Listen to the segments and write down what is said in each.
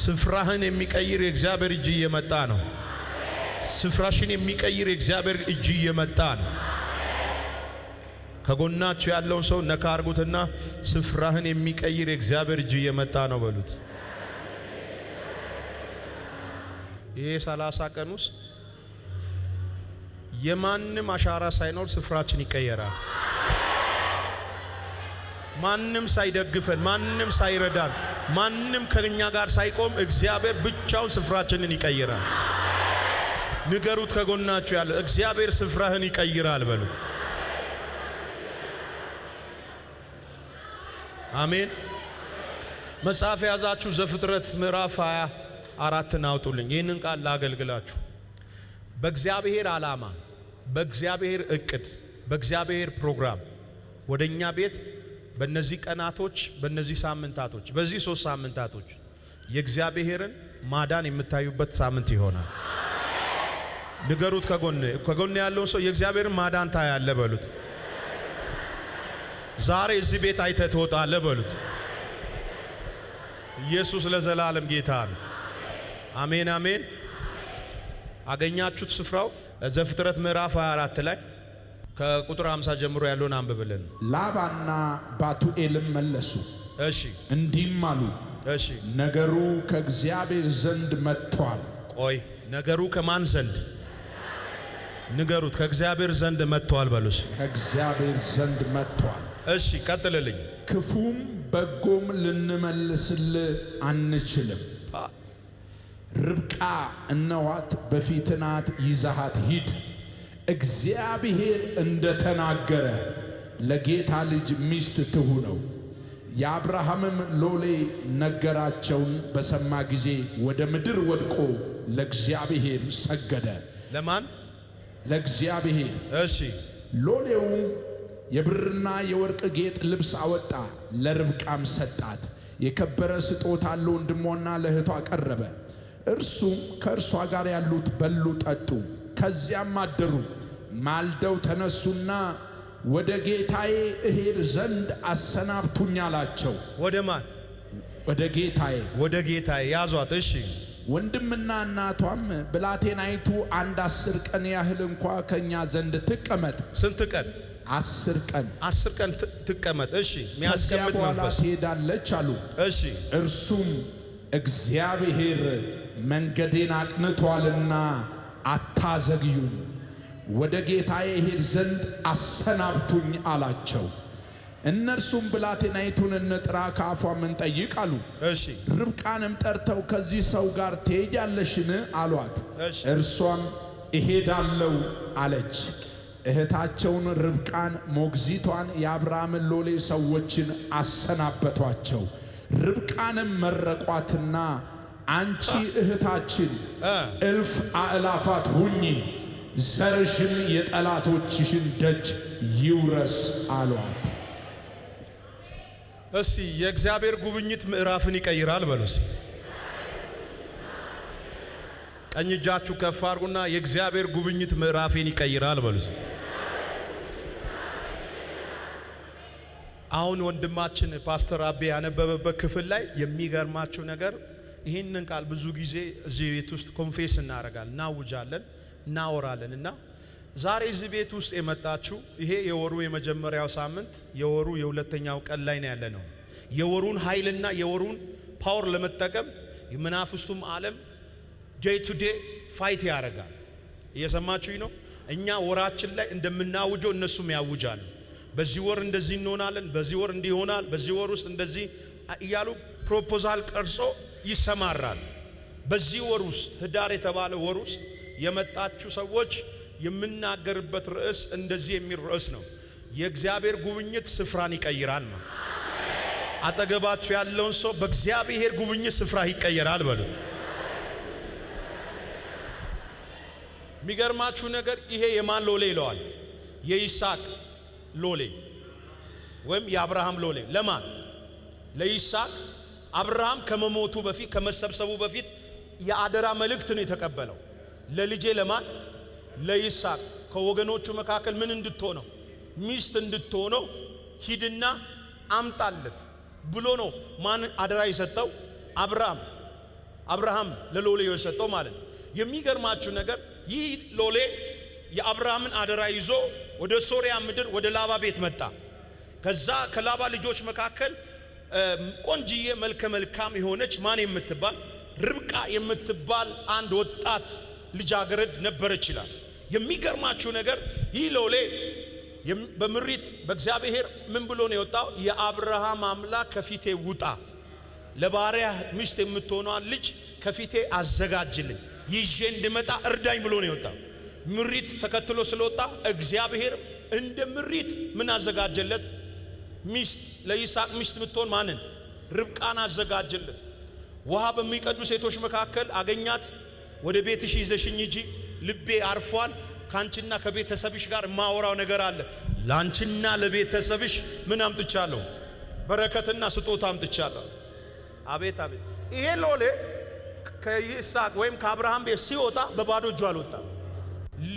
ስፍራህን የሚቀይር የእግዚአብሔር እጅ እየመጣ ነው። ስፍራሽን የሚቀይር የእግዚአብሔር እጅ እየመጣ ነው። ከጎናችሁ ያለውን ሰው ነካ አርጉትና ስፍራህን የሚቀይር የእግዚአብሔር እጅ እየመጣ ነው በሉት። ይሄ ሰላሳ ቀን ውስጥ የማንም አሻራ ሳይኖር ስፍራችን ይቀየራል። ማንም ሳይደግፈን፣ ማንም ሳይረዳን፣ ማንም ከኛ ጋር ሳይቆም እግዚአብሔር ብቻውን ስፍራችንን ይቀይራል። ንገሩት፣ ከጎናችሁ ያለው እግዚአብሔር ስፍራህን ይቀይራል በሉት። አሜን። መጽሐፍ የያዛችሁ ዘፍጥረት ምዕራፍ 24 አራትን አውጡልኝ። ይህንን ቃል ላገልግላችሁ። በእግዚአብሔር ዓላማ፣ በእግዚአብሔር እቅድ፣ በእግዚአብሔር ፕሮግራም ወደኛ ቤት በእነዚህ ቀናቶች፣ በእነዚህ ሳምንታቶች፣ በዚህ ሶስት ሳምንታቶች የእግዚአብሔርን ማዳን የምታዩበት ሳምንት ይሆናል። ንገሩት፣ ከጎን ከጎን ያለውን ሰው የእግዚአብሔርን ማዳን ታያለ በሉት። ዛሬ እዚህ ቤት አይተ ተወጣለ በሉት። ኢየሱስ ለዘላለም ጌታ ነው። አሜን አሜን። አገኛችሁት ስፍራው ዘፍጥረት ምዕራፍ 24 ላይ ከቁጥር 50 ጀምሮ ያለውን አንብብልን። ላባና ባቱኤልም መለሱ፣ እሺ እንዲህም አሉ፣ እሺ ነገሩ ከእግዚአብሔር ዘንድ መጥቷል። ቆይ ነገሩ ከማን ዘንድ ንገሩት። ከእግዚአብሔር ዘንድ መጥቷል በሉስ። ከእግዚአብሔር ዘንድ መጥቷል። እሺ ቀጥልልኝ። ክፉም በጎም ልንመልስል አንችልም። ርብቃ እነኋት፣ በፊትናት ይዛሃት ሂድ እግዚአብሔር እንደተናገረ ለጌታ ልጅ ሚስት ትሁነው። የአብርሃምም ሎሌ ነገራቸውን በሰማ ጊዜ ወደ ምድር ወድቆ ለእግዚአብሔር ሰገደ። ለማን? ለእግዚአብሔር። እሺ። ሎሌው የብርና የወርቅ ጌጥ ልብስ አወጣ፣ ለርብቃም ሰጣት። የከበረ ስጦታ ለወንድሟና ለእህቷ አቀረበ። እርሱም ከእርሷ ጋር ያሉት በሉ ጠጡ። ከዚያም አደሩ። ማልደው ተነሱና ወደ ጌታዬ እሄድ ዘንድ አሰናብቱኝ አላቸው። ወደ ማን? ወደ ጌታዬ። ወደ ጌታዬ ያዟት። እሺ። ወንድምና እናቷም ብላቴናይቱ አንድ አስር ቀን ያህል እንኳ ከእኛ ዘንድ ትቀመጥ። ስንት ቀን? አስር ቀን አስር ቀን ትቀመጥ። እሺ። የሚያስቀምጥ መንፈስ ትሄዳለች አሉ። እሺ። እርሱም እግዚአብሔር መንገዴን አቅንቷልና አታዘግዩኝ፣ ወደ ጌታዬ ሄድ ዘንድ አሰናብቱኝ አላቸው። እነርሱም ብላቴናይቱን እንጥራ ከአፏም ጠይቅ አሉ። ርብቃንም ጠርተው ከዚህ ሰው ጋር ትሄጃለሽን አሏት። እርሷም እሄዳለው አለች። እህታቸውን ርብቃን ሞግዚቷን የአብርሃምን ሎሌ ሰዎችን አሰናበቷቸው። ርብቃንም መረቋትና አንቺ እህታችን እልፍ አእላፋት ሁኚ፣ ዘርሽን የጠላቶችሽን ደጅ ይውረስ አሏት። እስቲ የእግዚአብሔር ጉብኝት ምዕራፍን ይቀይራል በሉ። ቀኝ እጃችሁ ከፍ አድርጉና የእግዚአብሔር ጉብኝት ምዕራፌን ይቀይራል በሉ። አሁን ወንድማችን ፓስተር አቤ ያነበበበት ክፍል ላይ የሚገርማችሁ ነገር ይህንን ቃል ብዙ ጊዜ እዚህ ቤት ውስጥ ኮንፌስ እናደርጋለን፣ እናውጃለን፣ እናወራለን እና ዛሬ እዚህ ቤት ውስጥ የመጣችሁ ይሄ የወሩ የመጀመሪያው ሳምንት የወሩ የሁለተኛው ቀን ላይ ነው ያለ ነው። የወሩን ኃይልና የወሩን ፓወር ለመጠቀም የመናፍስቱም ዓለም ዴይ ቱ ዴይ ፋይት ያደርጋል። እየሰማችሁኝ ነው። እኛ ወራችን ላይ እንደምናውጀው እነሱም ያውጃሉ። በዚህ ወር እንደዚህ እንሆናለን፣ በዚህ ወር እንዲሆናል፣ በዚህ ወር ውስጥ እንደዚህ እያሉ ፕሮፖዛል ቀርጾ ይሰማራል። በዚህ ወር ውስጥ ህዳር የተባለ ወር ውስጥ የመጣችሁ ሰዎች የምናገርበት ርዕስ እንደዚህ የሚል ርዕስ ነው። የእግዚአብሔር ጉብኝት ስፍራን ይቀይራል ነው። አጠገባችሁ ያለውን ሰው በእግዚአብሔር ጉብኝት ስፍራ ይቀየራል በሉ። የሚገርማችሁ ነገር ይሄ የማን ሎሌ ይለዋል? የይስሐቅ ሎሌ ወይም የአብርሃም ሎሌ ለማን? ለይስሐቅ አብርሃም ከመሞቱ በፊት ከመሰብሰቡ በፊት የአደራ መልእክት ነው የተቀበለው። ለልጄ ለማን ለይስሐቅ ከወገኖቹ መካከል ምን እንድትሆነው ሚስት እንድትሆነው ሂድና አምጣለት ብሎ ነው። ማን አደራ የሰጠው? አብርሃም አብርሃም ለሎሌ የሰጠው ማለት ነው። የሚገርማችሁ ነገር ይህ ሎሌ የአብርሃምን አደራ ይዞ ወደ ሶሪያ ምድር ወደ ላባ ቤት መጣ። ከዛ ከላባ ልጆች መካከል ቆንጅዬ መልከ መልካም የሆነች ማን የምትባል ርብቃ የምትባል አንድ ወጣት ልጃገረድ ነበረች ይላል። የሚገርማችሁ ነገር ይህ ሎሌ በምሪት በእግዚአብሔር ምን ብሎ ነው የወጣው? የአብርሃም አምላክ ከፊቴ ውጣ፣ ለባሪያ ሚስት የምትሆነዋን ልጅ ከፊቴ አዘጋጅልኝ፣ ይዤ እንድመጣ እርዳኝ ብሎ ነው የወጣው። ምሪት ተከትሎ ስለወጣ እግዚአብሔር እንደ ምሪት ምን አዘጋጀለት? ሚስት ለይስሐቅ ሚስት የምትሆን ማንን ርብቃን አዘጋጅለት። ውሃ በሚቀዱ ሴቶች መካከል አገኛት። ወደ ቤትሽ ይዘሽኝ ሂጂ፣ ልቤ አርፏል። ካንቺና ከቤተሰብሽ ጋር ማወራው ነገር አለ። ላንቺና ለቤተሰብሽ ምን አምጥቻለሁ? በረከትና ስጦታ አምጥቻለሁ። አቤት አቤት! ይሄ ሎሌ ከይስሐቅ ወይም ከአብርሃም ቤት ሲወጣ በባዶ እጁ አልወጣም።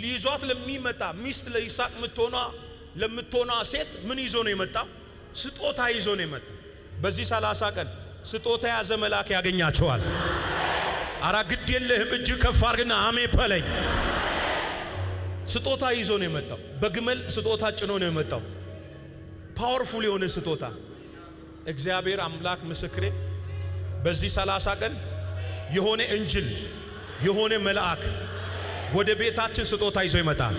ሊዟት ለሚመጣ ሚስት ለይስሐቅ የምትሆኗ ለምትሆኗ ሴት ምን ይዞ ነው የመጣው? ስጦታ ይዞ ነው የመጣው። በዚህ ሰላሳ ቀን ስጦታ ያዘ መልአክ ያገኛቸዋል። አራ ግድ የለህም እጅግ ከፍ አርግና አሜ በለኝ። ስጦታ ይዞ ነው የመጣው። በግመል ስጦታ ጭኖ ነው የመጣው። ፓወርፉል የሆነ ስጦታ። እግዚአብሔር አምላክ ምስክሬ፣ በዚህ ሰላሳ ቀን የሆነ እንጅል የሆነ መልአክ ወደ ቤታችን ስጦታ ይዞ ይመጣል።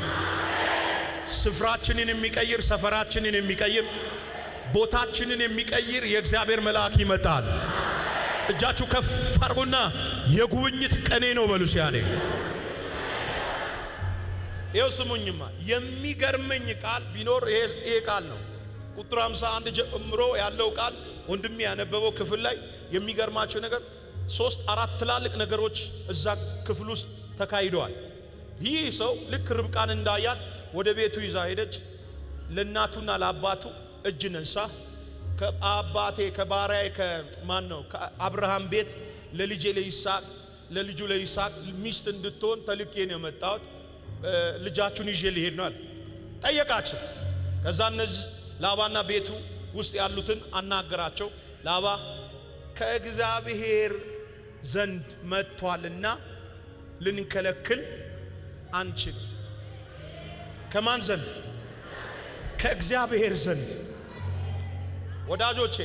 ስፍራችንን የሚቀይር ሰፈራችንን የሚቀይር ቦታችንን የሚቀይር የእግዚአብሔር መልአክ ይመጣል። እጃችሁ ከፍ አርጉና የጉብኝት ቀኔ ነው በሉ። ሲያኔ ይኸው ስሙኝማ፣ የሚገርመኝ ቃል ቢኖር ይሄ ቃል ነው። ቁጥር 51 ጀምሮ ያለው ቃል ወንድሜ ያነበበው ክፍል ላይ የሚገርማቸው ነገር ሶስት አራት ትላልቅ ነገሮች እዛ ክፍል ውስጥ ተካሂደዋል። ይህ ሰው ልክ ርብቃን እንዳያት ወደ ቤቱ ይዛ ሄደች። ለእናቱና ለአባቱ እጅ ነሳ። ከአባቴ ከባሪያዬ ከማን ነው ከአብርሃም ቤት ለልጄ ለይስሐቅ ለልጁ ለይስሐቅ ሚስት እንድትሆን ተልኬ ነው የመጣሁት። ልጃችሁን ይዤ ሊሄድ ነው አለ። ጠየቃቸው። ከዛ እነዚህ ላባና ቤቱ ውስጥ ያሉትን አናገራቸው። ላባ ከእግዚአብሔር ዘንድ መጥቷልና ልንከለክል አንችል። ከማን ዘንድ? ከእግዚአብሔር ዘንድ ወዳጆቼ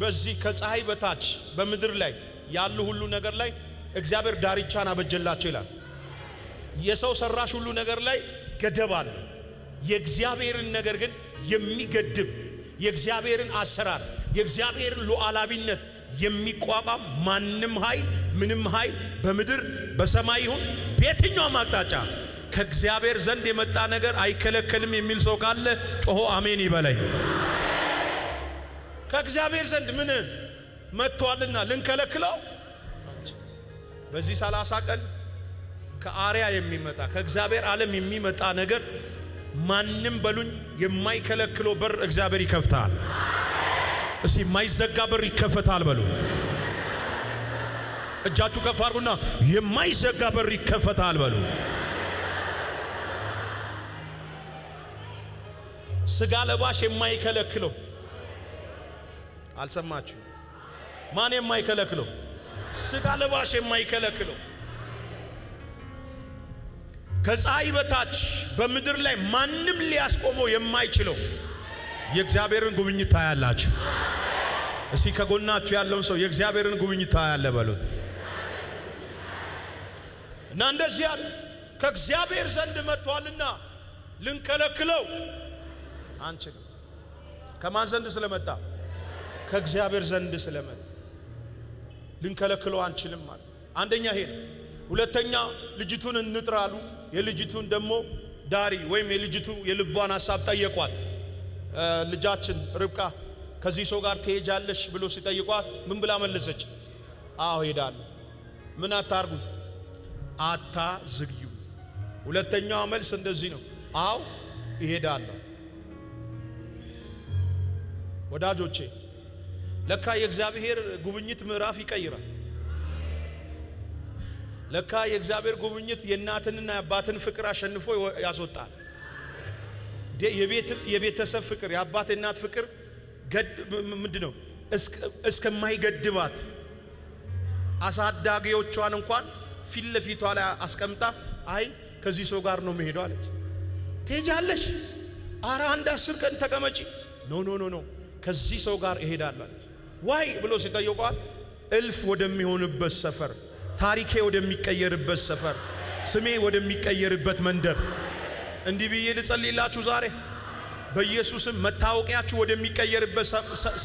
በዚህ ከፀሐይ በታች በምድር ላይ ያሉ ሁሉ ነገር ላይ እግዚአብሔር ዳርቻን አበጀላቸው ይላል። የሰው ሰራሽ ሁሉ ነገር ላይ ገደብ አለ። የእግዚአብሔርን ነገር ግን የሚገድብ የእግዚአብሔርን አሰራር የእግዚአብሔርን ሉዓላዊነት የሚቋቋም ማንም ኃይል ምንም ኃይል በምድር በሰማይ ይሁን በየትኛውም አቅጣጫ ከእግዚአብሔር ዘንድ የመጣ ነገር አይከለከልም የሚል ሰው ካለ ጮሆ አሜን ይበለኝ። ከእግዚአብሔር ዘንድ ምን መጥቷልና ልንከለክለው። በዚህ ሰላሳ ቀን ከአርያ የሚመጣ ከእግዚአብሔር ዓለም የሚመጣ ነገር ማንም በሉኝ የማይከለክለው በር እግዚአብሔር ይከፍታል። እስቲ የማይዘጋ በር ይከፈታል በሉ። እጃችሁ ከፍ አድርጉና የማይዘጋ በር ይከፈታል በሉ። ስጋ ለባሽ የማይከለክለው አልሰማችሁ? ማን የማይከለክለው ስጋ ለባሽ የማይከለክለው ከፀሐይ በታች በምድር ላይ ማንም ሊያስቆመው የማይችለው የእግዚአብሔርን ጉብኝት ታያላችሁ። እስቲ ከጎናችሁ ያለውን ሰው የእግዚአብሔርን ጉብኝት ታያለ በሉት እና እንደዚህ ያለ ከእግዚአብሔር ዘንድ መጥቷልና ልንከለክለው አንችልም። ከማን ዘንድ ስለመጣ ከእግዚአብሔር ዘንድ ስለመጣ ልንከለክለው አንችልም አለ። አንደኛ ይሄ ነው። ሁለተኛ ልጅቱን እንጥራሉ የልጅቱን ደግሞ ዳሪ ወይም የልጅቱ የልቧን ሀሳብ ጠየቋት። ልጃችን ርብቃ ከዚህ ሰው ጋር ትሄጃለሽ ብሎ ሲጠይቋት ምን ብላ መለሰች? አዎ ሄዳለሁ። ምን አታርጉ አታ ዝግዩ። ሁለተኛዋ መልስ እንደዚህ ነው፣ አዎ ይሄዳለሁ። ወዳጆቼ ለካ የእግዚአብሔር ጉብኝት ምዕራፍ ይቀይራል። ለካ የእግዚአብሔር ጉብኝት የእናትንና የአባትን ፍቅር አሸንፎ ያስወጣል። የቤተሰብ ፍቅር፣ የአባት የእናት ፍቅር ምንድን ነው? እስከማይገድባት አሳዳጊዎቿን እንኳን ፊት ለፊቷ ላይ አስቀምጣ አይ ከዚህ ሰው ጋር ነው መሄዱ አለች። ትሄጃለሽ? አረ አንድ አስር ቀን ተቀመጪ። ኖ ኖ ኖ ኖ ከዚህ ሰው ጋር እሄዳለሁ አለች። ዋይ ብሎ ሲጠይቋል? እልፍ ወደሚሆንበት ሰፈር፣ ታሪኬ ወደሚቀየርበት ሰፈር፣ ስሜ ወደሚቀየርበት መንደር እንዲህ ብዬ ልጸልይላችሁ ዛሬ በኢየሱስም መታወቂያችሁ ወደሚቀየርበት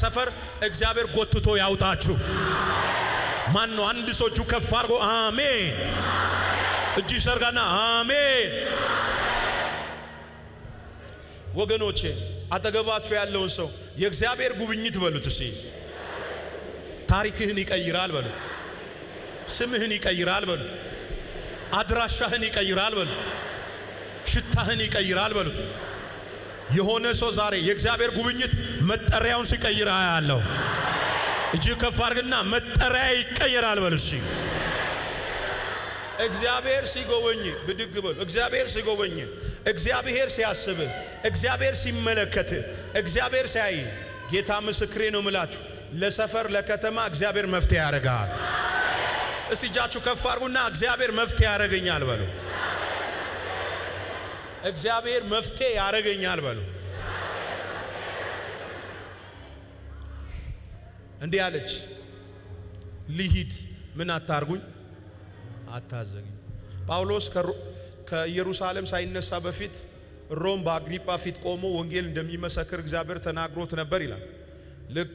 ሰፈር እግዚአብሔር ጎትቶ ያውጣችሁ። ማን ነው? አንድ ሰው እጁ ከፍ አድርጎ አሜን። እጅ ሰርጋና አሜን። ወገኖቼ አጠገባችሁ ያለውን ሰው የእግዚአብሔር ጉብኝት በሉት እስኪ ታሪክህን ይቀይራል በሉ። ስምህን ይቀይራል በሉ። አድራሻህን ይቀይራል በሉ። ሽታህን ይቀይራል በሉ። የሆነ ሰው ዛሬ የእግዚአብሔር ጉብኝት መጠሪያውን ሲቀይር አያለሁ። እጅ ከፍ አድርግና መጠሪያ ይቀይራል በሉ። እሺ እግዚአብሔር ሲጎበኝ ብድግ በሉ። እግዚአብሔር ሲጎበኝ፣ እግዚአብሔር ሲያስብ፣ እግዚአብሔር ሲመለከት፣ እግዚአብሔር ሲያይ ጌታ ምስክሬ ነው ምላችሁ ለሰፈር ለከተማ እግዚአብሔር መፍትሄ ያደርጋል። እስቲ እጃችሁ ከፍ አድርጉና እግዚአብሔር መፍትሄ ያደርገኛል በሉ። እግዚአብሔር መፍትሄ ያደርገኛል በሉ። እንዲህ አለች፣ ልሂድ ምን አታርጉኝ አታዘግኝ። ጳውሎስ ከኢየሩሳሌም ሳይነሳ በፊት ሮም በአግሪጳ ፊት ቆሞ ወንጌል እንደሚመሰክር እግዚአብሔር ተናግሮት ነበር ይላል ልክ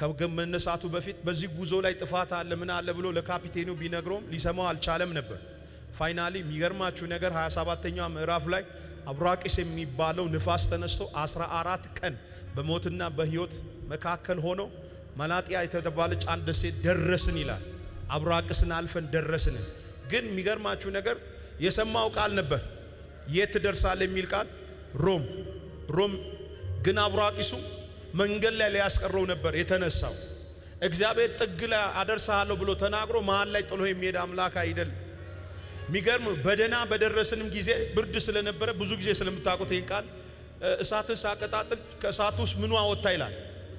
ከመነሳቱ በፊት በዚህ ጉዞ ላይ ጥፋት አለ ምን አለ ብሎ ለካፒቴኑ ቢነግረውም ሊሰማው አልቻለም ነበር። ፋይናሊ የሚገርማችሁ ነገር 27ኛው ምዕራፍ ላይ አብራቂስ የሚባለው ንፋስ ተነስቶ 14 ቀን በሞትና በህይወት መካከል ሆኖ መላጢያ የተባለች አንድ ደሴት ደረስን ይላል። አብራቂስን አልፈን ደረስን። ግን የሚገርማችሁ ነገር የሰማው ቃል ነበር። የት ትደርሳለህ የሚል ቃል ሮም ሮም ግን አብራቂሱ መንገድ ላይ ሊያስቀረው ነበር የተነሳው። እግዚአብሔር ጥግ ላይ አደርሳለሁ ብሎ ተናግሮ መሃል ላይ ጥሎ የሚሄድ አምላክ አይደለም። የሚገርም በደና በደረስንም ጊዜ ብርድ ስለነበረ ብዙ ጊዜ ስለምታውቁት ይህን ቃል እሳትን ሳቀጣጥል ከእሳት ውስጥ ምኗ ወጥታ ይላል።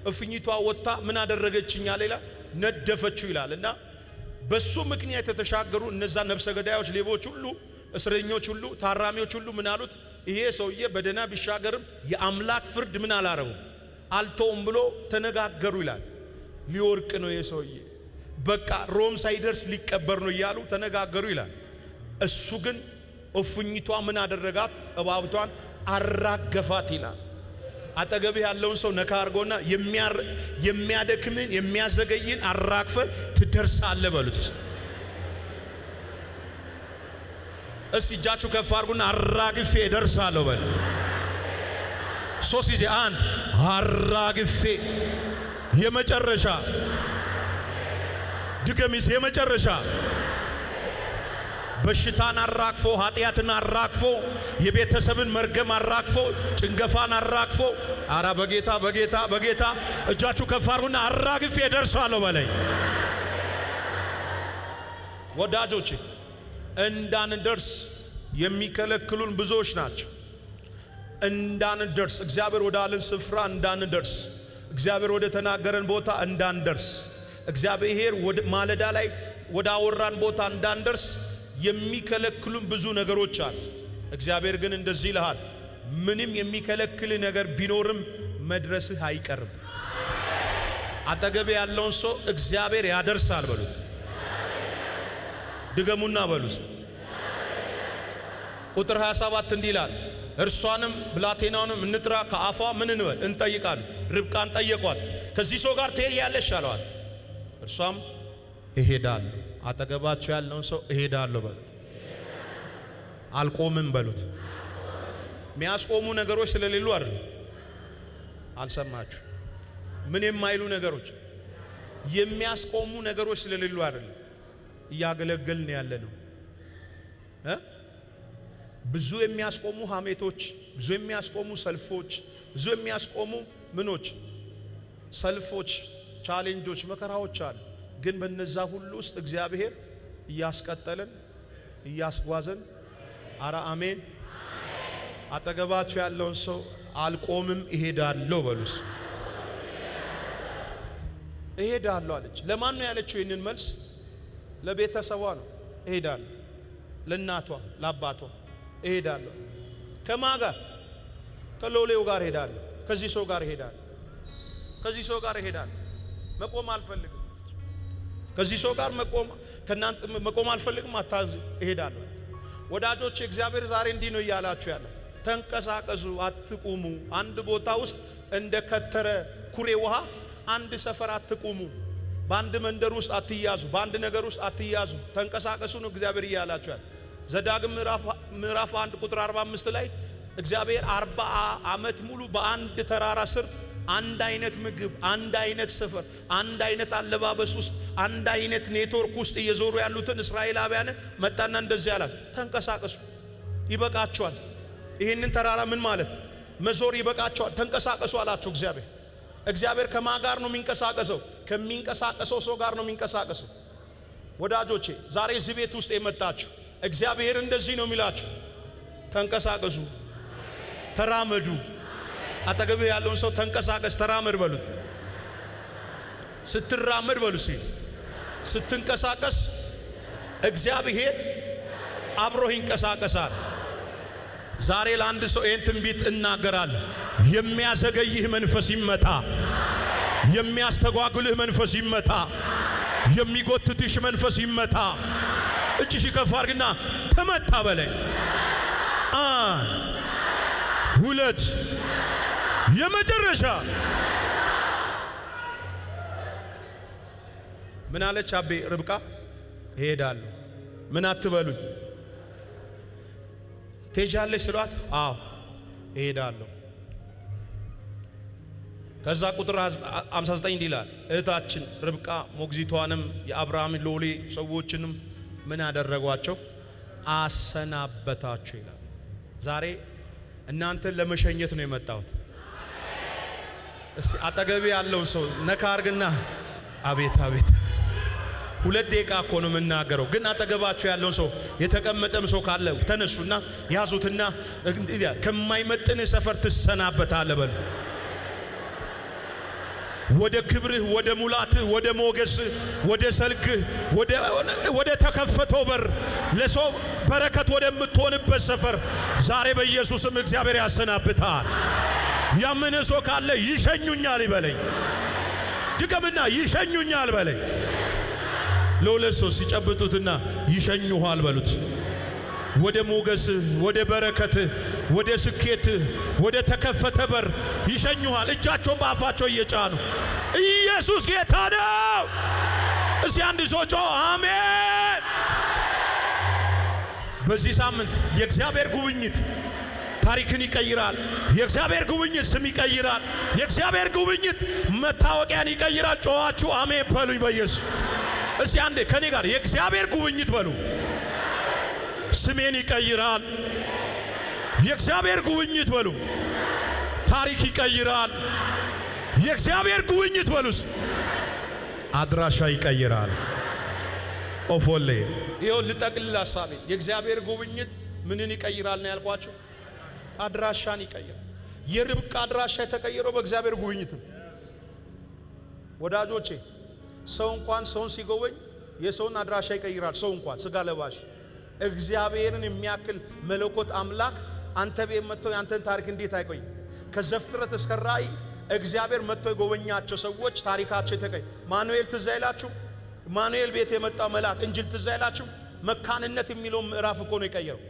እፍኝቷ ወጥታ ምን አደረገችኛ ሌላ ነደፈችው ይላል። እና በሱ ምክንያት የተሻገሩ እነዛ ነፍሰ ገዳዮች፣ ሌቦች ሁሉ፣ እስረኞች ሁሉ፣ ታራሚዎች ሁሉ ምን አሉት? ይሄ ሰውዬ በደና ቢሻገርም የአምላክ ፍርድ ምን አላረጉም አልተውም ብሎ ተነጋገሩ ይላል። ሊወርቅ ነው የሰውዬ በቃ ሮም ሳይደርስ ሊቀበር ነው እያሉ ተነጋገሩ ይላል። እሱ ግን እፉኝቷ ምን አደረጋት? እባብቷን አራገፋት ይላል። አጠገብህ ያለውን ሰው ነካ አርጎና የሚያደክምን የሚያዘገይን አራግፈ ትደርሳለ በሉት። እስቲ እጃችሁ ከፍ አድርጉና አራግፌ እደርሳለሁ በሉ ሶስት ጊዜ አንድ አራግፌ የመጨረሻ ድገሚስ የመጨረሻ በሽታን አራግፎ ኃጢአትን አራግፎ የቤተሰብን መርገም አራግፎ ጭንገፋን አራግፎ አራ በጌታ በጌታ በጌታ እጃችሁ ከፋርሁና አራግፌ ደርሷለሁ በላይ ወዳጆቼ እንዳንደርስ የሚከለክሉን ብዙዎች ናቸው። እንዳንደርስ እግዚአብሔር ወዳለን ስፍራ እንዳንደርስ እግዚአብሔር ወደ ተናገረን ቦታ እንዳንደርስ እግዚአብሔር ማለዳ ላይ ወደ አወራን ቦታ እንዳንደርስ የሚከለክሉን ብዙ ነገሮች አሉ። እግዚአብሔር ግን እንደዚህ ይልሃል፣ ምንም የሚከለክል ነገር ቢኖርም መድረስህ አይቀርም። አጠገብ ያለውን ሰው እግዚአብሔር ያደርሳል በሉት። ድገሙና በሉት። ቁጥር 27 እንዲህ ይላል እርሷንም ብላቴናውንም እንጥራ ከአፏ ምን እንበል እንጠይቃሉ። ርብቃን ጠየቋት። ከዚህ ሰው ጋር ያለሽ አለዋት። እርሷም እሄዳለሁ፣ አጠገባቸው ያለውን ሰው እሄዳለሁ በሉት፣ አልቆምም በሉት። የሚያስቆሙ ነገሮች ስለሌሉ አይደል? አልሰማችሁ? ምን የማይሉ ነገሮች የሚያስቆሙ ነገሮች ስለሌሉ አይደለም እያገለገልን ያለ ነው እ ብዙ የሚያስቆሙ ሀሜቶች ብዙ የሚያስቆሙ ሰልፎች፣ ብዙ የሚያስቆሙ ምኖች፣ ሰልፎች፣ ቻሌንጆች፣ መከራዎች አሉ። ግን በነዛ ሁሉ ውስጥ እግዚአብሔር እያስቀጠለን እያስጓዘን አረ አሜን። አጠገባችሁ ያለውን ሰው አልቆምም እሄዳለሁ በሉስ። እሄዳለሁ አለች። ለማን ነው ያለችው? ይህንን መልስ ለቤተሰቧ ነው። እሄዳለሁ፣ ለእናቷ ለአባቷ እሄዳለሁ። ከማ ጋር? ከሎሌው ጋር እሄዳለሁ። ከዚህ ሰው ጋር እሄዳለሁ። ከዚህ ሰው ጋር እሄዳለሁ። መቆም አልፈልግም። ከዚህ ሰው ጋር መቆም ከናንተ መቆም አልፈልግም። አታዝ እሄዳለሁ። ወዳጆች እግዚአብሔር ዛሬ እንዲህ ነው እያላችሁ ያለ ተንቀሳቀሱ፣ አትቁሙ። አንድ ቦታ ውስጥ እንደ ከተረ ኩሬ ውሃ አንድ ሰፈር አትቁሙ። በአንድ መንደር ውስጥ አትያዙ። በአንድ ነገር ውስጥ አትያዙ። ተንቀሳቀሱ ነው እግዚአብሔር እያላችሁ ያለ ዘዳግም ምዕራፍ 1 ቁጥር 45 ላይ እግዚአብሔር 40 ዓመት ሙሉ በአንድ ተራራ ስር አንድ አይነት ምግብ፣ አንድ አይነት ሰፈር፣ አንድ አይነት አለባበስ ውስጥ፣ አንድ አይነት ኔትወርክ ውስጥ እየዞሩ ያሉትን እስራኤላውያን መጣና እንደዚህ አላት፣ ተንቀሳቀሱ፣ ይበቃቸዋል። ይህንን ተራራ ምን ማለት መዞር ይበቃቸዋል፣ ተንቀሳቀሱ አላቸው እግዚአብሔር። እግዚአብሔር ከማ ጋር ነው የሚንቀሳቀሰው? ከሚንቀሳቀሰው ሰው ጋር ነው የሚንቀሳቀሰው። ወዳጆቼ ዛሬ እዚህ ቤት ውስጥ የመጣችሁ እግዚአብሔር እንደዚህ ነው የሚላችሁ፣ ተንቀሳቀሱ፣ ተራመዱ። አጠገብ ያለውን ሰው ተንቀሳቀስ፣ ተራመድ በሉት። ስትራመድ በሉ ሲ ስትንቀሳቀስ እግዚአብሔር አብሮህ ይንቀሳቀሳል። ዛሬ ለአንድ ሰው ይህን ትንቢት እናገራለሁ። የሚያዘገይህ መንፈስ ይመጣ፣ የሚያስተጓጉልህ መንፈስ ይመጣ፣ የሚጎትትሽ መንፈስ ይመጣ። እጅ ሺ ከፍ አድርግና ተመታ በለኝ። አንድ ሁለት የመጨረሻ ምን አለች አቤ ርብቃ? እሄዳለሁ። ምን አትበሉኝ ትሄጃለሽ ስሏት፣ አዎ እሄዳለሁ። ከዛ ቁጥር 59 እንዲህ ይላል እህታችን ርብቃ ሞግዚቷንም የአብርሃምን ሎሌ ሰዎችንም ምን አደረጓቸው? አሰናበታችሁ ይላል። ዛሬ እናንተን ለመሸኘት ነው የመጣሁት። እስቲ አጠገቤ ያለው ሰው ነካ አርግና፣ አቤት አቤት። ሁለት ደቂቃ እኮ ነው የምናገረው፣ ግን አጠገባችሁ ያለውን ሰው የተቀመጠም ሰው ካለ ተነሱና ያዙትና ከማይመጥን ሰፈር ትሰናበታለህ በሉ። ወደ ክብርህ፣ ወደ ሙላትህ፣ ወደ ሞገስህ፣ ወደ ሰልግህ፣ ወደ ተከፈተው በር ለሰው በረከት ወደምትሆንበት ሰፈር ዛሬ በኢየሱስም እግዚአብሔር ያሰናብታል። ያመነ ሰው ካለ ይሸኙኛል ይበለኝ። ድገምና ይሸኙኛል በለኝ። ለሁለት ሰው ሲጨብጡትና ይሸኙኋል በሉት። ወደ ሞገስ፣ ወደ በረከት፣ ወደ ስኬት፣ ወደ ተከፈተ በር ይሸኙሃል። እጃቸውን በአፋቸው እየጫኑ ኢየሱስ ጌታ ነው። እስቲ አንድ ሰው ጮ አሜን። በዚህ ሳምንት የእግዚአብሔር ጉብኝት ታሪክን ይቀይራል። የእግዚአብሔር ጉብኝት ስም ይቀይራል። የእግዚአብሔር ጉብኝት መታወቂያን ይቀይራል። ጮኋችሁ አሜን በሉኝ። በኢየሱስ እስቲ አንዴ ከኔ ጋር የእግዚአብሔር ጉብኝት በሉ ስሜን ይቀይራል። የእግዚአብሔር ጉብኝት በሉ ታሪክ ይቀይራል። የእግዚአብሔር ጉብኝት በሉስ አድራሻ ይቀይራል። ኦፎሌ ይኸው ልጠቅልል ሀሳቤ የእግዚአብሔር ጉብኝት ምንን ይቀይራል ነው ያልኳቸው? አድራሻን ይቀይራል። የርብቃ አድራሻ የተቀየረው በእግዚአብሔር ጉብኝት ነው። ወዳጆቼ ሰው እንኳን ሰውን ሲጎበኝ የሰውን አድራሻ ይቀይራል። ሰው እንኳን ስጋ ለባሽ እግዚአብሔርን የሚያክል መለኮት አምላክ አንተ ቤት መጥቶ ያንተን ታሪክ እንዴት አይቆይ? ከዘፍጥረት እስከ ራእይ እግዚአብሔር መጥቶ የጎበኛቸው ሰዎች ታሪካቸው የተቀይ። ማኑኤል ትዝ አይላችሁ? ማኑኤል ቤት የመጣው መልአክ እንጅል ትዝ አይላችሁ? መካንነት የሚለው ምዕራፍ እኮ ነው የቀየረው።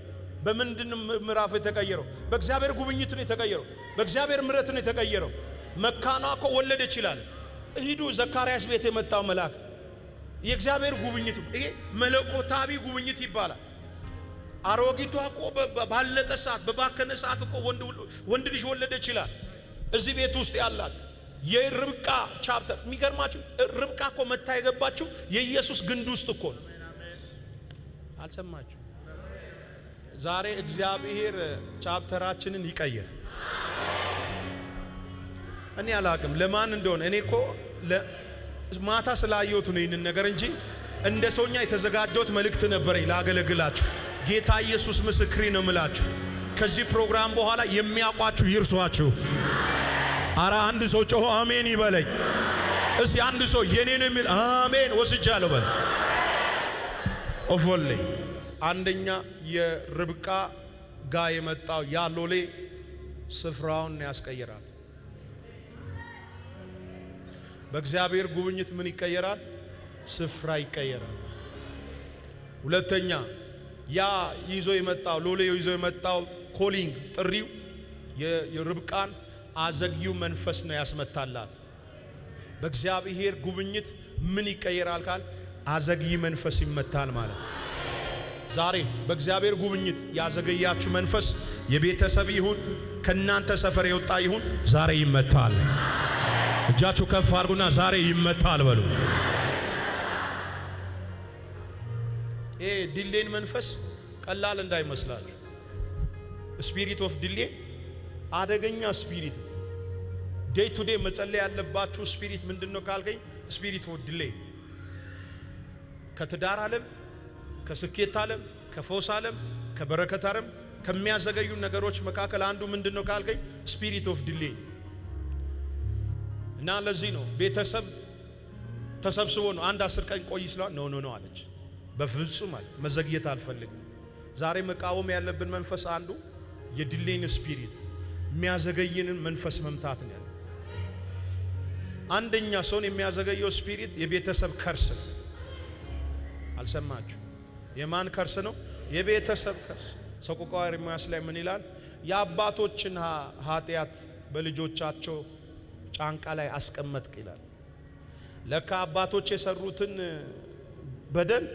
በምንድን ምዕራፍ የተቀየረው? በእግዚአብሔር ጉብኝት ነው የተቀየረው። በእግዚአብሔር ምረት ነው የተቀየረው። መካኗ እኮ ወለደች ይላል። ሂዱ ዘካርያስ ቤት የመጣው መልአክ የእግዚአብሔር ጉብኝት ይሄ መለኮታዊ ጉብኝት ይባላል። አሮጊቷ እኮ ባለቀ ሰዓት በባከነ ሰዓት እኮ ወንድ ልጅ ወለደ ይችላል። እዚህ ቤት ውስጥ ያላት የርብቃ ቻፕተር የሚገርማችሁ ርብቃ እኮ መታ የገባችው የኢየሱስ ግንድ ውስጥ እኮ ነው። አልሰማችሁ? ዛሬ እግዚአብሔር ቻፕተራችንን ይቀየር። እኔ አላቅም ለማን እንደሆነ። እኔ እኮ ማታ ስላየሁት ነው ይህንን ነገር እንጂ እንደ ሰውኛ የተዘጋጀሁት መልእክት ነበረኝ ላገለግላችሁ። ጌታ ኢየሱስ ምስክሬ ነው ምላችሁ። ከዚህ ፕሮግራም በኋላ የሚያውቋችሁ ይርሷችሁ። አረ አንድ ሰው ጮሆ አሜን ይበለኝ እስቲ አንድ ሰው የኔ ነው የሚል አሜን ወስጃለሁ በል። ኦፎሌ አንደኛ የርብቃ ጋ የመጣው ያ ሎሌ ስፍራውን ያስቀይራል። በእግዚአብሔር ጉብኝት ምን ይቀየራል? ስፍራ ይቀየራል። ሁለተኛ ያ ይዞ የመጣው ሎሌው ይዞ የመጣው ኮሊንግ ጥሪው የርብቃን አዘግዩ መንፈስ ነው ያስመታላት። በእግዚአብሔር ጉብኝት ምን ይቀየራል ካል አዘግይ መንፈስ ይመታል ማለት ዛሬ በእግዚአብሔር ጉብኝት ያዘገያችሁ መንፈስ የቤተሰብ ይሁን ከእናንተ ሰፈር የወጣ ይሁን ዛሬ ይመታል። እጃችሁ ከፍ አድርጉና ዛሬ ይመታል በሉ። ይሄ ድሌን መንፈስ ቀላል እንዳይመስላችሁ። ስፒሪት ኦፍ ድሌ አደገኛ ስፒሪት ነው። ዴይ ቱ ዴይ መጸለይ ያለባችሁ ስፒሪት ምንድን ነው ካልከኝ፣ ስፒሪት ኦፍ ድሌ ከትዳር ዓለም፣ ከስኬት ዓለም፣ ከፎስ ዓለም፣ ከበረከት ዓለም ከሚያዘገዩ ነገሮች መካከል አንዱ ምንድን ነው ካልከኝ፣ ስፒሪት ኦፍ ድሌ እና ለዚህ ነው ቤተሰብ ተሰብስቦ ነው አንድ አስር ቀን ቆይ ስለዋል ኖ ኖ ኖ አለች። በፍጹም አለ መዘግየት አልፈልግም። ዛሬ መቃወም ያለብን መንፈስ አንዱ የድሌን ስፒሪት የሚያዘገይንን መንፈስ መምታት ነው ያለ። አንደኛ ሰውን የሚያዘገየው ስፒሪት የቤተሰብ ከርስ ነው። አልሰማችሁ? የማን ከርስ ነው? የቤተሰብ ከርስ። ሰቆቃወ ኤርምያስ ላይ ምን ይላል? የአባቶችን ኃጢአት በልጆቻቸው ጫንቃ ላይ አስቀመጥቅ ይላል። ለካ አባቶች የሰሩትን በደል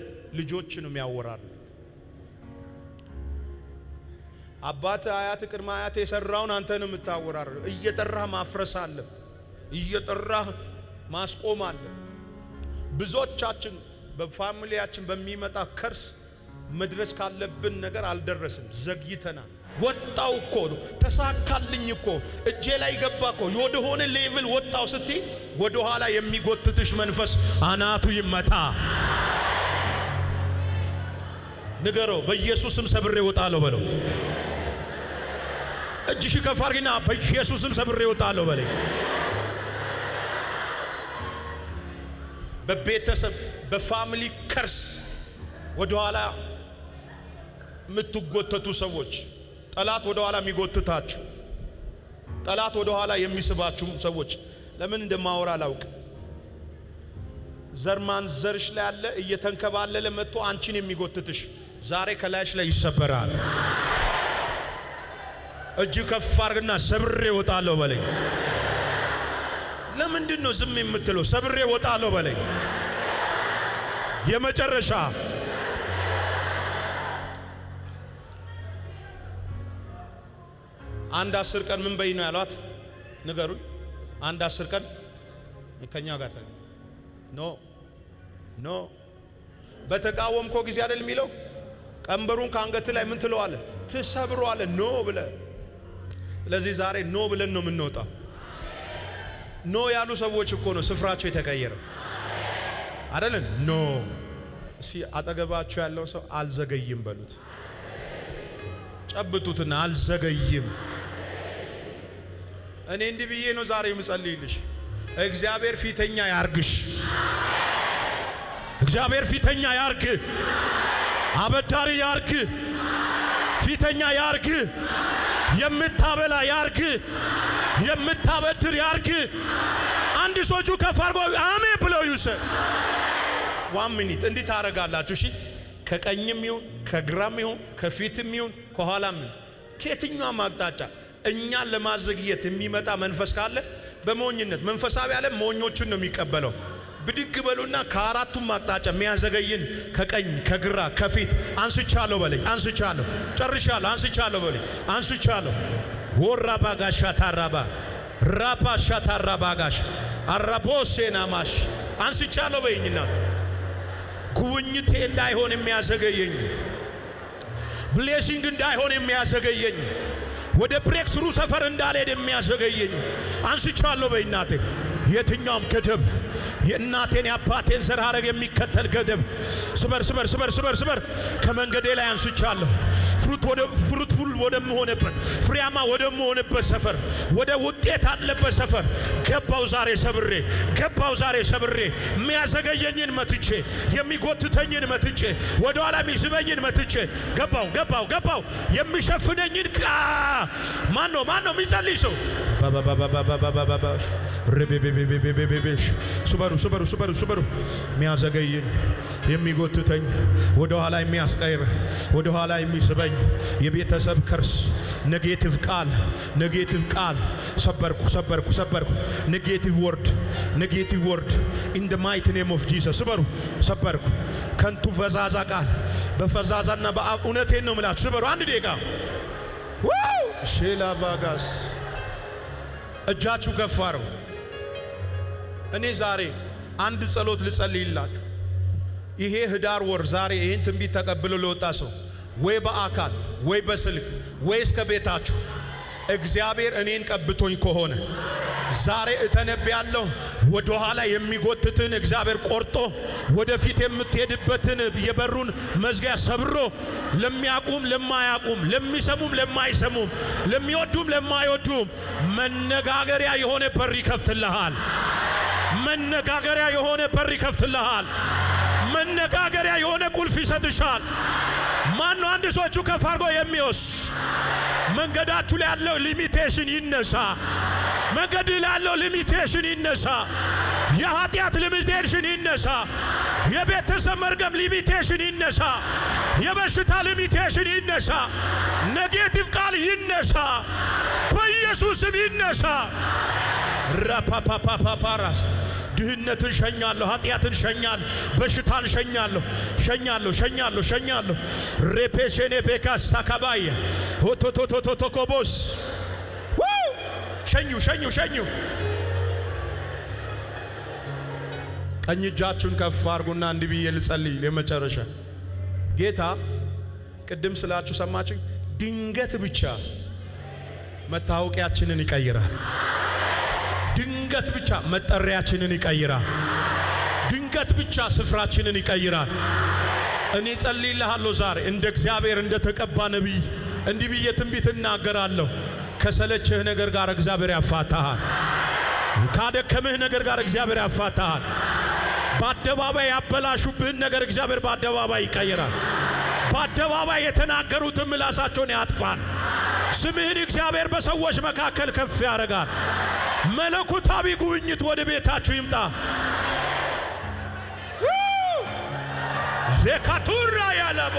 ልጆችንም ያወራል። አባት አያት፣ ቅድመ አያት የሰራውን አንተን የምታወራር እየጠራህ ማፍረስ አለ፣ እየጠራህ ማስቆም አለ። ብዙዎቻችን በፋሚሊያችን በሚመጣ ከርስ መድረስ ካለብን ነገር አልደረስም፣ ዘግይተናል። ወጣው እኮ ተሳካልኝ እኮ እጄ ላይ ገባ እኮ ወደሆነ ሌቭል ወጣው ስትይ ወደ ኋላ የሚጎትትሽ መንፈስ አናቱ ይመታ። ንገረው። በኢየሱስም ሰብሬ እወጣለሁ በለው። እጅሽ ከፍ አድርጊና በኢየሱስ ሰብሬ እወጣለሁ በቤተሰብ በፋሚሊ ከርስ ወደኋላ የምትጎተቱ ሰዎች ጠላት ወደኋላ የሚጎትታችሁ ጠላት ወደኋላ የሚስባችሁ ሰዎች ለምን እንደማወራ አላውቅ። ዘር ዘርሽ ላይ ያለ እየተንከባለለ መጥቶ አንቺን የሚጎትትሽ ዛሬ ከላይሽ ላይ ይሰበራል። እጅ ከፍ አርግና ሰብሬ ወጣለሁ በለኝ። ለምንድን ነው ዝም የምትለው? ሰብሬ ወጣለሁ በለኝ። የመጨረሻ አንድ አስር ቀን ምን በይ ነው ያሏት? ንገሩኝ። አንድ አስር ቀን ከኛ ጋር ኖ ኖ በተቃወምኮ ጊዜ አይደል የሚለው ቀንበሩን ከአንገት ላይ ምን ትለዋለ? ትሰብረዋለ። ኖ ብለ ስለዚህ ዛሬ ኖ ብለን ነው የምንወጣው። ኖ ያሉ ሰዎች እኮ ነው ስፍራቸው የተቀየረ አይደለን? ኖ እስኪ አጠገባቸው ያለው ሰው አልዘገይም በሉት፣ ጨብጡትና አልዘገይም። እኔ እንዲህ ብዬ ነው ዛሬ የምጸልይልሽ፣ እግዚአብሔር ፊተኛ ያርግሽ፣ እግዚአብሔር ፊተኛ ያርግ አበዳሪ ያርክ፣ ፊተኛ ያርክ፣ የምታበላ ያርክ፣ የምታበድር ያርክ። አንድ ሶቹ ከፋርጎ አሜን ብለው ይውሰ ዋን ሚኒት እንዲህ ታረጋላችሁ። እሺ ከቀኝም ይሁን ከግራም ይሁን ከፊትም ይሁን ከኋላም ከየትኛውም አቅጣጫ እኛን ለማዘግየት የሚመጣ መንፈስ ካለ በሞኝነት መንፈሳዊ ዓለም ሞኞችን ነው የሚቀበለው። ብድግ በሉና ከአራቱም አቅጣጫ የሚያዘገይን ከቀኝ ከግራ ከፊት አንስቻለሁ በለኝ። አንስቻለሁ፣ ጨርሻለሁ፣ አንስቻለሁ በለኝ። አንስቻለሁ። ወራ ባጋሻ ታራባ ራባ ሻታራ ባጋሽ አራቦ ሴናማሽ አንስቻለሁ በይኝና ጉብኝቴ እንዳይሆን የሚያዘገየኝ ብሌሲንግ እንዳይሆን የሚያዘገየኝ ወደ ብሬክ ስሩ ሰፈር እንዳልሄድ የሚያዘገየኝ አንስቻለሁ በይናቴ የትኛውም ገደብ የእናቴን የአባቴን ዘር ሐረግ የሚከተል ገደብ ስበር ስበር ስበር ስበር ስበር ከመንገዴ ላይ አንስቻለሁ። ፍሩት ወደ ፍሩትፉል ወደምሆንበት ፍሬያማ ወደምሆንበት ሰፈር ወደ ውጤት አለበት ሰፈር ገባው ዛሬ ሰብሬ ገባው ዛሬ ሰብሬ የሚያዘገየኝን መትቼ የሚጎትተኝን መትቼ ወደ ኋላ የሚስበኝን መትቼ ገባው ገባው ገባው የሚሸፍነኝን ማን ነው ማን ነው የሚጸልይ ሰው ስበሩ ስበሩ ስበሩ ስበሩ። የሚያዘገይን የሚጎትተኝ ወደ ኋላ የሚያስቀይር ወደ ኋላ የሚስበኝ የቤተሰብ ከርስ ኔጌቲቭ ቃል ኔጌቲቭ ቃል ሰበርኩ ሰበርኩ ሰበርኩ። ኔጌቲቭ ወርድ ኔጌቲቭ ወርድ ኢን ደ ማይቲ ኔም ኦፍ ጂሰስ ስበሩ ሰበርኩ። ከንቱ ፈዛዛ ቃል በፈዛዛና በአብ ነው ምላችሁ ስበሩ። አንድ ደቂቃ ሼላ ባጋስ እጃችሁ ከፋረው እኔ ዛሬ አንድ ጸሎት ልጸልይላችሁ። ይሄ ህዳር ወር ዛሬ ይህን ትንቢት ተቀብሎ ለወጣ ሰው ወይ በአካል ወይ በስልክ ወይ እስከ ቤታችሁ እግዚአብሔር እኔን ቀብቶኝ ከሆነ ዛሬ እተነብያለሁ። ወደ ኋላ የሚጎትትን እግዚአብሔር ቆርጦ ወደፊት የምትሄድበትን የበሩን መዝጊያ ሰብሮ ለሚያቁም ለማያቁም፣ ለሚሰሙም ለማይሰሙም፣ ለሚወዱም ለማይወዱም መነጋገሪያ የሆነ በር ይከፍትልሃል። መነጋገሪያ የሆነ በር ይከፍትልሃል። መነጋገሪያ የሆነ ቁልፍ ይሰጥሻል። ማን ነው አንድ ሰዎቹ ከፍ አድርጎ የሚወስ መንገዳችሁ ላይ ያለው ሊሚቴሽን ይነሳ። መንገድ ላይ ያለው ሊሚቴሽን ይነሳ። የኃጢአት ሊሚቴሽን ይነሳ። የቤተሰብ መርገም ሊሚቴሽን ይነሳ። የበሽታ ሊሚቴሽን ይነሳ። ኔጌቲቭ ቃል ይነሳ። በኢየሱስም ይነሳ። ራፓፓፓፓራስ ድህነትን ሸኛለሁ፣ ኃጢአትን ሸኛለሁ፣ በሽታን ሸኛለሁ፣ ሸኛለሁ፣ ሸኛለሁ፣ ሸኛለሁ። ሬፔቼኔ ፔካስ ታካባይ ሆቶቶቶቶቶኮቦስ ሸኙ፣ ሸኙ፣ ሸኙ። ቀኝ እጃችሁን ከፍ አርጉና እንዲህ ብዬ ልጸልይ ለመጨረሻ። ጌታ ቅድም ስላችሁ ሰማችኝ። ድንገት ብቻ መታወቂያችንን ይቀይራል። ድንገት ብቻ መጠሪያችንን ይቀይራል። ድንገት ብቻ ስፍራችንን ይቀይራል። እኔ ጸልይልሃለሁ ዛሬ እንደ እግዚአብሔር እንደ ተቀባ ነቢይ እንዲህ ብዬ ትንቢት እናገራለሁ። ከሰለችህ ነገር ጋር እግዚአብሔር ያፋታሃል። ካደከምህ ነገር ጋር እግዚአብሔር ያፋታሃል። በአደባባይ ያበላሹብህን ነገር እግዚአብሔር በአደባባይ ይቀይራል። በአደባባይ የተናገሩትን ምላሳቸውን ያጥፋል። ስምህን እግዚአብሔር በሰዎች መካከል ከፍ ያደርጋል። መለኮታዊ ጉብኝት ወደ ቤታችሁ ይምጣ። ዜካቱራ ያላቦ